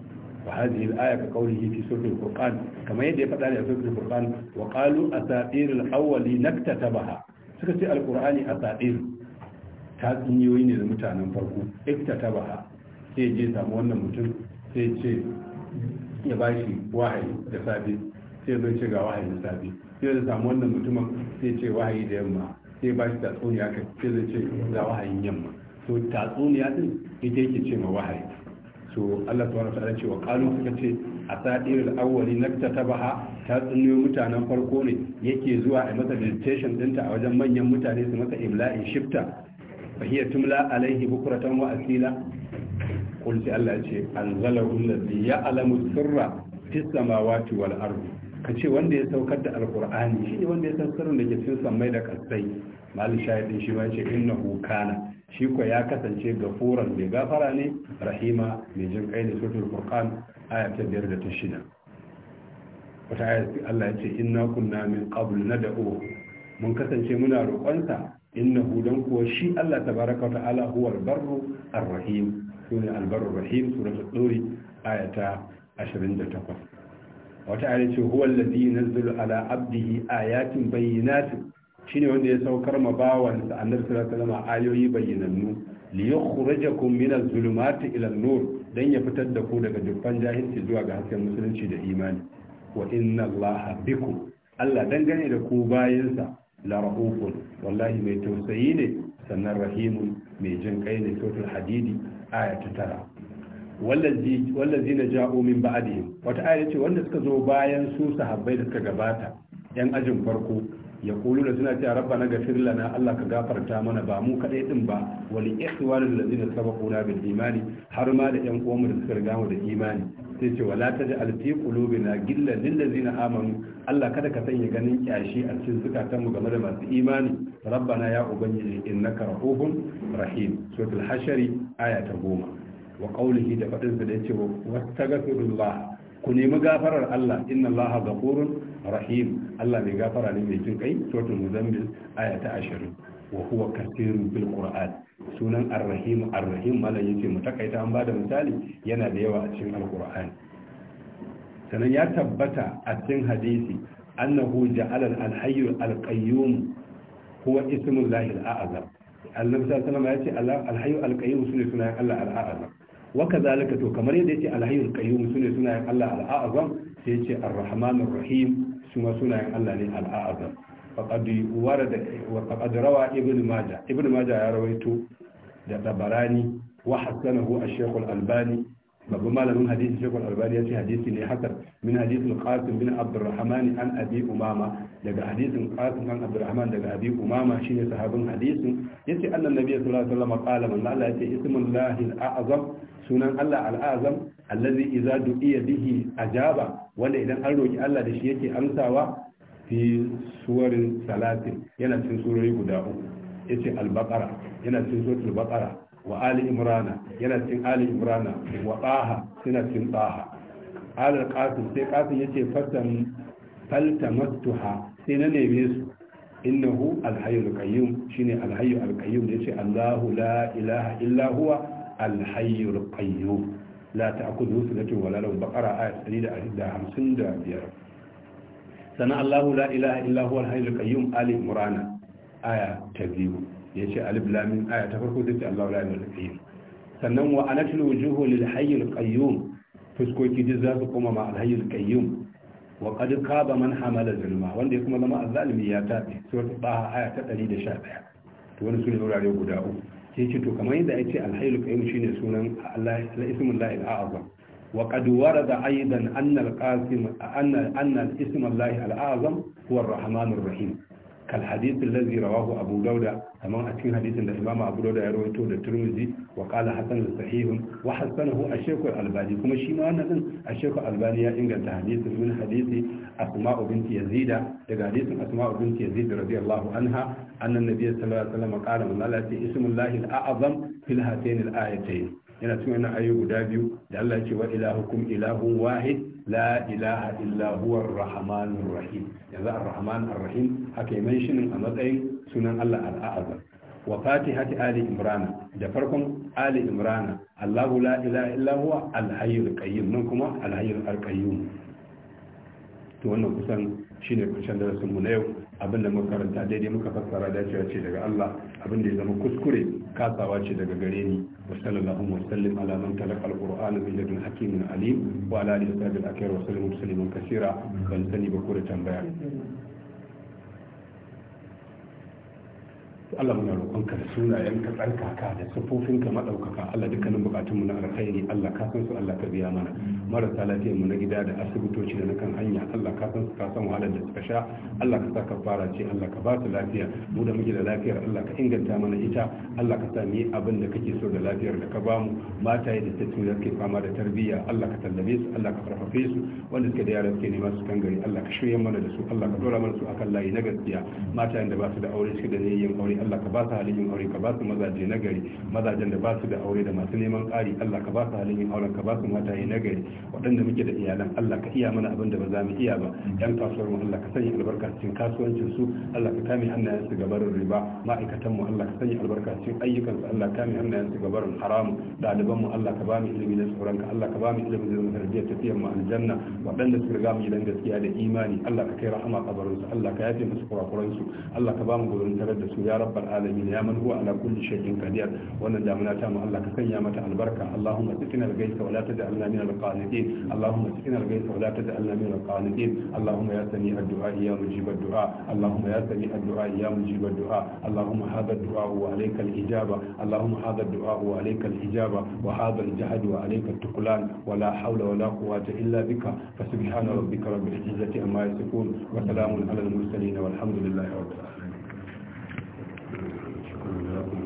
wa hadhihi al-aya ka qawlihi fi suratul furqan kamar yadda ya faɗa ne a suratul furqan wa qalu al-awwali naktatabaha suka ce al-qur'ani asatir tatsuniyoyi ne da mutanen farko iktatabaha sai je samu wannan mutum sai ce ya bashi wahayi da safe sai zai ce ga wahayi da safe sai ya samu wannan mutumin sai ce wahayi da yamma sai ba shi tatsuniya ka ce zai ce ga wahayin yamma to tatsuniya din ita yake ce ma wahayi so Allah subhanahu wataala ce wa qalu suka ce a asatirul awwali na ta taba ha tsunniyo mutanen farko ne yake zuwa a masa meditation dinta a wajen manyan mutane su masa ibla'in shifta fa hiya tumla alaihi bukratan wa asila qul sai Allah ya ce anzalahu allazi ya'lamu sirra fis samawati wal ardi ka ce wanda ya saukar da alkur'ani shi ne wanda ya san sirrin da ke sun sammai da kasai mali shahidin shi ma ce inna kana shi ko ya kasance ga gafuran mai gafara ne rahima mai jin kai ne suratul Kur'an aya biyar da ta shida wata aya Allah ya ce inna kunna min na da'o. mun kasance muna roƙonsa innahu dan kuwa shi Allah ta baraka ta'ala huwal barru ar-rahim su ne barru rahim suratul duri aya ta takwas. wata ayar ce huwa allazi yunzilu ala abdihi ayatin bayyinatin shine wanda ya saukar ma bawansa annabi sallallahu alaihi wasallam ayoyi bayyinannu li yukhrijakum min az-zulumati ila an-nur dan ya fitar da ku daga dukkan jahilci zuwa ga hasken musulunci da imani wa inna allaha bikum Allah dangane da ku sa la rahufun wallahi mai tausayi ne sannan rahimun mai jin kai ne sautul hadidi aya ta tara wallazi na ja'o min ba'adihim wata aya ce wanda suka zo bayan su sahabbai da suka gabata yan ajin farko ya kulu da suna cewa na gafir lana Allah ka gafarta mana ba mu kadai din ba wali ikhwanul ladina sabaquna bil imani har ma da yan uwanmu da suka riga mu da imani sai ce wala taj'al fi qulubina gillan lil ladina amanu Allah kada ka sanya ganin kyashi a cikin mu game da masu imani rabbana ya ubangiji innaka rahufun rahim suratul hashari aya ta goma wa qawlihi da fadin sa da yace wastaghfirullah ku nemi gafarar Allah inna Allah ghafurun rahim Allah mai gafara ne mai jin kai suratul muzammil aya ta 20 wa huwa kathirun bil qur'an sunan ar-rahim ar-rahim malam yace mu takaita an bada misali yana da yawa a cikin al-qur'an sanan ya tabbata a cikin hadisi annahu ja'ala al-hayy al-qayyum huwa ismullahi al-a'zam annabi sallallahu alaihi wasallam yace al-hayy al-qayyum sunan Allah al-a'zam wa kazalika to kamar yadda yace alhayyul qayyum sune sunayen Allah al-a'zam sai yace ar-rahmanur rahim suma sunayen Allah ne al-a'zam faqad warada wa faqad rawa ibn majah ibn majah ya rawaito da tabarani wa hasanahu ash-shaykh al-albani babu malamin hadisi shaykh al-albani yace hadisi ne hasan min hadisi al-qasim bin abdurrahman an abi umama daga hadisin qasim bin abdurrahman daga abi umama shine sahabin hadisin yace annan nabi sallallahu alaihi wasallam qala man Allah yace ismun al-a'zam sunan Allah al-a'zam allazi idza du'iya bihi ajaba wanda idan an roki Allah da shi yake amsawa fi suwarin salatin yana cikin surori guda uku yace al-baqara yana cikin suratul baqara wa ali imrana yana cikin ali imrana wa taha yana cikin taha alal qasim sai qasim yace fatan faltamattuha sai na neme su innahu alhayyul qayyum shine alhayyul alqayyum da yace Allahu la ilaha illa huwa alhayyul qayyum la ta'khudhuhu sinatun wala nawm baqara ayat 155 sana Allahu la ilaha illa huwa alhayyul qayyum ali imran aya ta biyu yace alif lam mim aya ta farko sai Allahu la ilaha illa qayyum sannan wa anatul wujuhu lil qayyum fuskoki duk za su koma ma alhayyul qayyum wa qad khaba man hamala zulma wanda ya kuma zama azzalimi ya tabe suratul baha aya ta ɗari 111 to wani sune wurare guda uku sai ce to kamar yadda yace alhayyul qayyum ne sunan Allah la ismul la al-a'zam wa qad warada aidan anna al-qasim anna anna rahim kal hadith allazi rawahu abu dauda kaman a cikin hadisin da imamu abu dauda ya rawaito da turmizi wa qala hasan sahihun wa hasanahu a shaykh albani kuma shi ma wannan din ash albani ya inganta hadisin min hadisi asma'u binti yazida daga hadisin asma'u binti yazid radiyallahu anha anna nabiy sallallahu alaihi wasallam qala man la ismullahi al-a'zam fil hatayn al-ayatayn yana cikin wannan ayoyi guda biyu da Allah ya ce wa ilahukum ilahun wahid la ilaha illa huwa arrahmanur rahim yanzu arrahman arrahim haka yi menshinin a matsayin sunan Allah al'azam wa fatihati ali imrana da farkon ali imrana Allahu la ilaha illa huwa al-hayyul qayyum nan kuma al-hayyul qayyum to wannan kusan shine kusan darasin mu na yau abinda muka karanta daidai muka fassara dacewa ce daga Allah abinda ya zama kuskure kasawa ce daga gare ni wa sallallahu wa sallim ala man talaqa alquran min ladun hakimin alim wa ala alihi wa sahbihi al-akhyar wa sallim kaseera ban sani ba ko da tambaya Allah muna roƙonka da sunayen ka tsarkaka da sufofin ka Allah dukkanin bukatun mu na alkhairi Allah ka san su Allah ka biya mana marasa lafiyar mu na gida da asibitoci da na kan hanya Allah ka san su ka san wahalar da suka sha Allah ka sa fara ce Allah ka ba su lafiya mu da muke da lafiyar Allah ka inganta mana ita Allah ka sa mu abin da kake so da lafiyar da ka ba mu mataye da tattu da ke fama da tarbiyya Allah ka tallabe su Allah ka farfafe su wanda suke da yara suke nema su kan gari Allah ka shirya mana da su Allah ka dora mana su akan layi na gaskiya matayen da ba su da aure suke da niyyar aure Allah ka ba su halin aure ka ba su mazaje na gari mazajen da ba su da aure da masu neman ƙari Allah ka ba su halin aure ka ba su mata mataye na gari waɗanda muke da iyalan Allah ka iya mana abin da ba za mu iya ba yan kasuwar mu Allah ka sanya albarka cikin kasuwancin su Allah ka kame hannayen su gabarin riba ma'aikatan mu Allah ka sanya albarka cikin ayyukan su Allah ka kame hannayen su gabarin haramu ɗaliban mu Allah ka ba mu ilimi da tsoron ka Allah ka ba mu ilimi da zama tarbiyyar tafiyar mu aljanna waɗanda su riga mu yi gidan gaskiya da imani Allah ka kai rahama kabarin su Allah ka yafe musu kurakuran su Allah ka ba mu gurin tarar da su ya rabbal alamin ya man huwa ala kulli shay'in qadir wannan damuna ta mu Allah ka sanya mata albarka Allahumma sikina al-gaisa wa la taj'alna min al-qanitin Allahumma sikina al-gaisa wa la taj'alna min al-qanitin Allahumma ya sami ad-du'a ya mujib ad-du'a Allahumma ya sami ad-du'a ya mujib ad-du'a Allahumma hadha ad-du'a wa alayka al-ijaba Allahumma hadha ad-du'a wa alayka al-ijaba wa hadha al-jahd wa alayka at-tuqlan wa la hawla wa la quwwata illa bika fa subhana rabbika rabbil izzati amma yasifun wa salamun ala al-mursalin والحمد لله رب العالمين شكرا لكم